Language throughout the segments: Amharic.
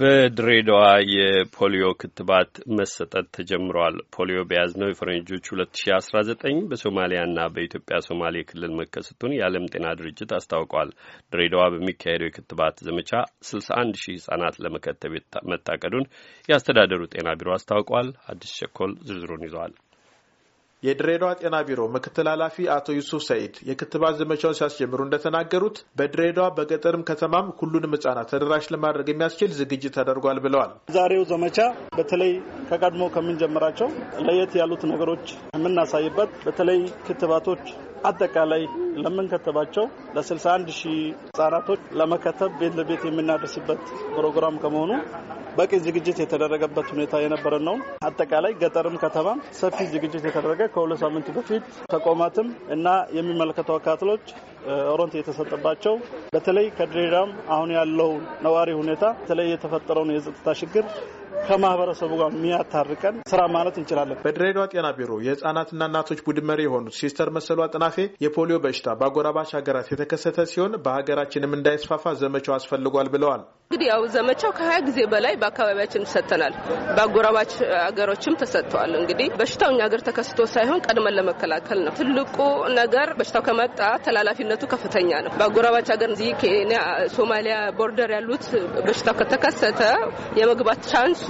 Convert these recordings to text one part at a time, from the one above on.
በድሬዳዋ የፖሊዮ ክትባት መሰጠት ተጀምረዋል። ፖሊዮ በያዝነው የፈረንጆች 2019 በሶማሊያና በኢትዮጵያ ሶማሌ ክልል መከሰቱን የዓለም ጤና ድርጅት አስታውቋል። ድሬዳዋ በሚካሄደው የክትባት ዘመቻ 61 ሺህ ህጻናት ለመከተብ መታቀዱን የአስተዳደሩ ጤና ቢሮ አስታውቋል። አዲስ ቸኮል ዝርዝሩን ይዘዋል። የድሬዳዋ ጤና ቢሮ ምክትል ኃላፊ አቶ ዩሱፍ ሰኢድ የክትባት ዘመቻውን ሲያስጀምሩ እንደተናገሩት በድሬዳዋ በገጠርም ከተማም ሁሉንም ህጻናት ተደራሽ ለማድረግ የሚያስችል ዝግጅት ተደርጓል ብለዋል። ዛሬው ዘመቻ በተለይ ከቀድሞ ከምንጀምራቸው ለየት ያሉት ነገሮች የምናሳይበት በተለይ ክትባቶች አጠቃላይ ለምንከተባቸው ለ61 ሺህ ህጻናቶች ለመከተብ ቤት ለቤት የምናደርስበት ፕሮግራም ከመሆኑ በቂ ዝግጅት የተደረገበት ሁኔታ የነበረ ነው። አጠቃላይ ገጠርም ከተማም ሰፊ ዝግጅት የተደረገ ከሁለት ሳምንት በፊት ተቋማትም እና የሚመለከተው አካትሎች ሮንት የተሰጠባቸው በተለይ ከድሬዳዋም አሁን ያለው ነዋሪ ሁኔታ በተለይ የተፈጠረውን የጸጥታ ችግር ከማህበረሰቡ ጋር የሚያታርቀን ስራ ማለት እንችላለን። በድሬዳዋ ጤና ቢሮ የህጻናትና እናቶች ቡድን መሪ የሆኑት ሲስተር መሰሉ አጥናፌ የፖሊዮ በሽታ በአጎራባች ሀገራት የተከሰተ ሲሆን በሀገራችንም እንዳይስፋፋ ዘመቻው አስፈልጓል ብለዋል። እንግዲህ ያው ዘመቻው ከሀያ ጊዜ በላይ በአካባቢያችን ሰጥተናል። በአጎራባች አገሮችም ተሰጥተዋል። እንግዲህ በሽታው እኛ ሀገር ተከስቶ ሳይሆን ቀድመን ለመከላከል ነው ትልቁ ነገር። በሽታው ከመጣ ተላላፊነቱ ከፍተኛ ነው። በአጎራባች ሀገር እዚህ ኬንያ፣ ሶማሊያ ቦርደር ያሉት በሽታው ከተከሰተ የመግባት ቻንሱ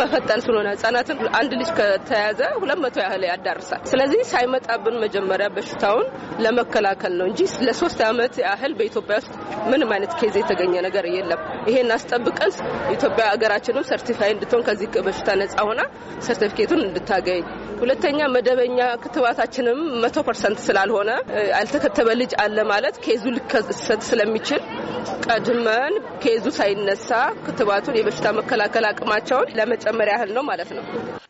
በፈጠን ስለሆነ ህጻናትን አንድ ልጅ ከተያዘ ሁለት መቶ ያህል ያዳርሳል። ስለዚህ ሳይመጣብን መጀመሪያ በሽታውን ለመከላከል ነው እንጂ ለሶስት አመት ያህል በኢትዮጵያ ውስጥ ምንም አይነት ኬዝ የተገኘ ነገር የለም። ይሄን አስጠብቀን ኢትዮጵያ ሀገራችንም ሰርቲፋይ እንድትሆን ከዚህ በሽታ ነጻ ሆና ሰርቲፊኬቱን እንድታገኝ፣ ሁለተኛ መደበኛ ክትባታችንም መቶ ፐርሰንት ስላልሆነ ያልተከተበ ልጅ አለ ማለት ኬዙ ሊከሰት ስለሚችል ቀድመን ኬዙ ሳይነሳ ክትባቱን የበሽታ መከላከል አቅማቸውን ለመጨመር ያህል ነው ማለት ነው።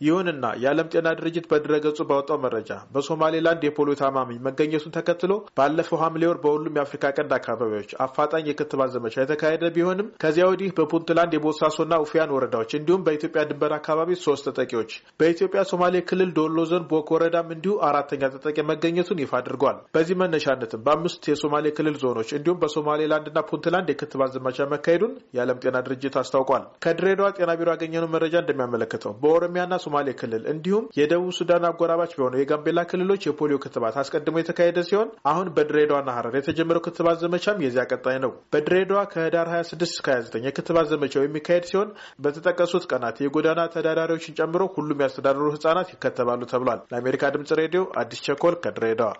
ይሁንና የዓለም ጤና ድርጅት በድረገጹ ባወጣው መረጃ በሶማሌላንድ የፖሊዮ ታማሚ መገኘቱን ተከትሎ ባለፈው ሐምሌ ወር በሁሉም የአፍሪካ ቀንድ አካባቢዎች አፋጣኝ የክትባት ዘመቻ የተካሄደ ቢሆንም ከዚያ ወዲህ በፑንትላንድ የቦሳሶና ኡፊያን ወረዳዎች እንዲሁም በኢትዮጵያ ድንበር አካባቢ ሶስት ተጠቂዎች በኢትዮጵያ ሶማሌ ክልል ዶሎ ዞን ቦክ ወረዳም እንዲሁ አራተኛ ተጠቂ መገኘቱን ይፋ አድርጓል። በዚህ መነሻነትም በአምስት የሶማሌ ክልል ዞኖች እንዲሁም በሶማሌላንድና ፑንትላንድ የክትባት ዘመቻ መካሄዱን የዓለም ጤና ድርጅት አስታውቋል። ከድሬዳዋ ጤና ቢሮ ያገኘነው መረጃ እንደሚያመለክተው በኦሮሚያና ሶማሌ ክልል እንዲሁም የደቡብ ሱዳን አጎራባች በሆነው የጋምቤላ ክልሎች የፖሊዮ ክትባት አስቀድሞ የተካሄደ ሲሆን አሁን በድሬዳዋና ሀረር የተጀመረው ክትባት ዘመቻም የዚያ ቀጣይ ነው። በድሬዳዋ ከህዳር 26 29 የክትባት ዘመቻው የሚካሄድ ሲሆን በተጠቀሱት ቀናት የጎዳና ተዳዳሪዎችን ጨምሮ ሁሉም ያስተዳደሩ ህጻናት ይከተባሉ ተብሏል። ለአሜሪካ ድምጽ ሬዲዮ አዲስ ቸኮል ከድሬዳዋ